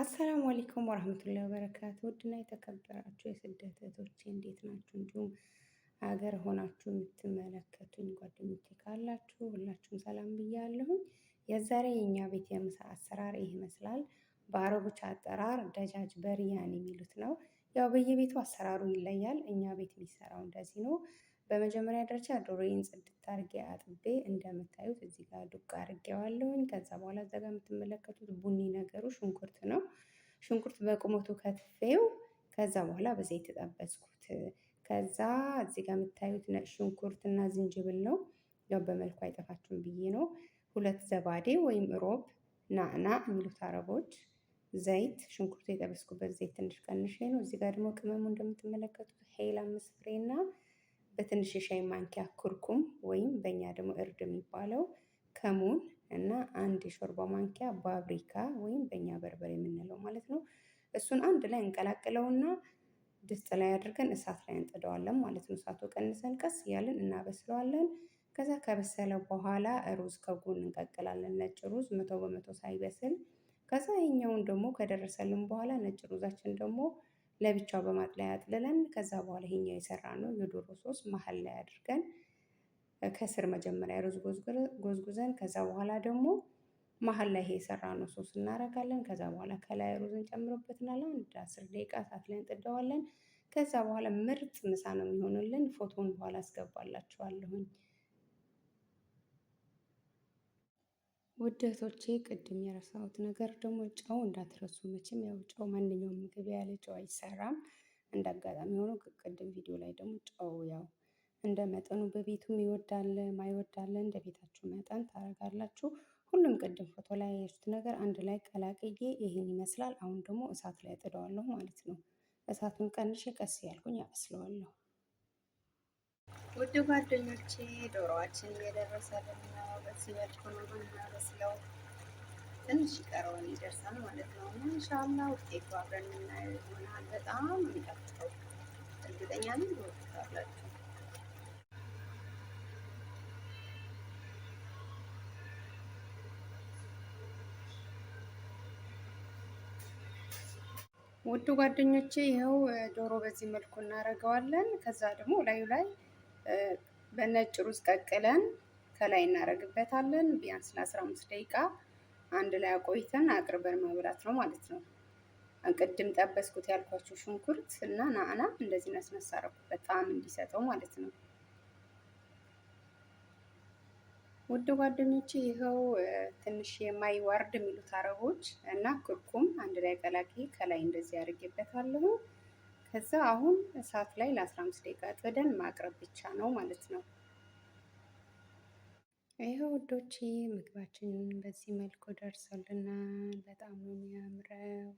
አሰላሙ አለይኩም ወራህመቱላሂ ወበረካቱ። ውድና የተከበራችሁ የስደት እህቶቼ እንዴት ናችሁ? እንዲሁም ሀገር ሆናችሁ የምትመለከቱኝ ጓደኞቼ ካላችሁ ሁላችሁም ሰላም ብያለሁኝ። የዛሬ የእኛ ቤት የምሳ አሰራር ይህ ይመስላል። በአረቦች አጠራር ደጃጅ በርያን የሚሉት ነው። ያው በየቤቱ አሰራሩ ይለያል። እኛ ቤት የሚሰራው እንደዚህ ነው። በመጀመሪያ ደረጃ ዶሮዬን ጽድት አድርጌ አጥቤ እንደምታዩት እዚህ ጋር ዱቅ አድርጌዋለሁኝ። ከዛ በኋላ እዛ ጋር የምትመለከቱት ቡኒ ነገሩ ሽንኩርት ነው። ሽንኩርት በቁመቱ ከትፌው ከዛ በኋላ በዘይት ተጠበስኩት። ከዛ እዚህ ጋር የምታዩት ነጭ ሽንኩርትና ዝንጅብል ነው። ያው በመልኩ አይጠፋችሁም ብዬ ነው። ሁለት ዘባዴ ወይም ሮብ ናዕና የሚሉት አረቦች ዘይት ሽንኩርቱ የጠበስኩበት ዘይት ትንሽ ቀንሼ ነው። እዚህ ጋር ደግሞ ቅመሙ እንደምትመለከቱት ሄል አምስት ፍሬና በትንሽ የሻይ ማንኪያ ኩርኩም ወይም በእኛ ደግሞ እርድ የሚባለው ከሙን እና አንድ የሾርባ ማንኪያ ባብሪካ ወይም በእኛ በርበሬ የምንለው ማለት ነው። እሱን አንድ ላይ እንቀላቅለውና ድስት ላይ አድርገን እሳት ላይ እንጥደዋለን ማለት ነው። እሳቱ ቀንሰን ቀስ እያለን እናበስለዋለን። ከዛ ከበሰለ በኋላ ሩዝ ከጎን እንቀቅላለን። ነጭ ሩዝ መቶ በመቶ ሳይበስል ከዛ ይኛውን ደግሞ ከደረሰልን በኋላ ነጭ ሩዛችን ደግሞ ለብቻው በማጥለያ አጥልለን ከዛ በኋላ ይሄኛው የሰራ ነው የዶሮ ሶስ መሀል ላይ አድርገን ከስር መጀመሪያ ሩዝ ጎዝጉዘን ከዛ በኋላ ደግሞ መሀል ላይ ይሄ የሰራ ነው ሶስ እናደርጋለን። ከዛ በኋላ ከላይ ሩዝ እንጨምርበትናለን። አንድ አስር ደቂቃ እሳት ላይ እንጥደዋለን። ከዛ በኋላ ምርጥ ምሳ ነው የሚሆንልን። ፎቶውን በኋላ አስገባላችኋለሁኝ። ውደቶቼ ቅድም የረሳሁት ነገር ደግሞ ጨው እንዳትረሱ። መቼም ያው ጨው ማንኛውም ምግብ ያለ ጨው አይሰራም። እንደ አጋጣሚ ሆኖ ቅድም ቪዲዮ ላይ ደግሞ ጨው ያው እንደ መጠኑ በቤቱም ይወዳለ ማይወዳለ እንደ ቤታችሁ መጠን ታረጋላችሁ። ሁሉም ቅድም ፎቶ ላይ ያያችሁት ነገር አንድ ላይ ቀላቅዬ ይህን ይመስላል። አሁን ደግሞ እሳት ላይ ጥደዋለሁ ማለት ነው። እሳቱን ቀንሼ ቀስ ያልኩኝ አበስለዋለሁ። ውድ ጓደኞቼ ዶሮዋችን እየደረሰልን ነው። በዚህ መልኩ ነው የምናበስለው። ትንሽ ይቀረውን ይደርሳል ማለት ነው። ኢንሻላ ውጤቱ አብረን የምናየው ይሆናል። በጣም የሚጣፍጠው እርግጠኛ ነኝ ትወዱታላችሁ። ውድ ጓደኞቼ ይኸው ዶሮ በዚህ መልኩ እናደርገዋለን። ከዛ ደግሞ ላዩ ላይ በነጭ ሩዝ ቀቅለን ከላይ እናደርግበታለን። ቢያንስ ለ15 ደቂቃ አንድ ላይ አቆይተን አቅርበን መብላት ነው ማለት ነው። ቅድም ጠበስኩት ያልኳቸው ሽንኩርት እና ናዕና እንደዚህ ነስነስ አደረኩበት ጣዕም እንዲሰጠው ማለት ነው። ውድ ጓደኞቼ ይኸው ትንሽ የማይ ዋርድ የሚሉት አረቦች እና ክርኩም አንድ ላይ ቀላቂ ከላይ እንደዚህ አድርጌበታለሁ። ከዛ አሁን እሳት ላይ ለ15 ደቂቃ ጥደን ማቅረብ ብቻ ነው ማለት ነው። ይህ ውዶቼ ምግባችንን በዚህ መልኩ ደርሶልናል። በጣም ነው የሚያምረው።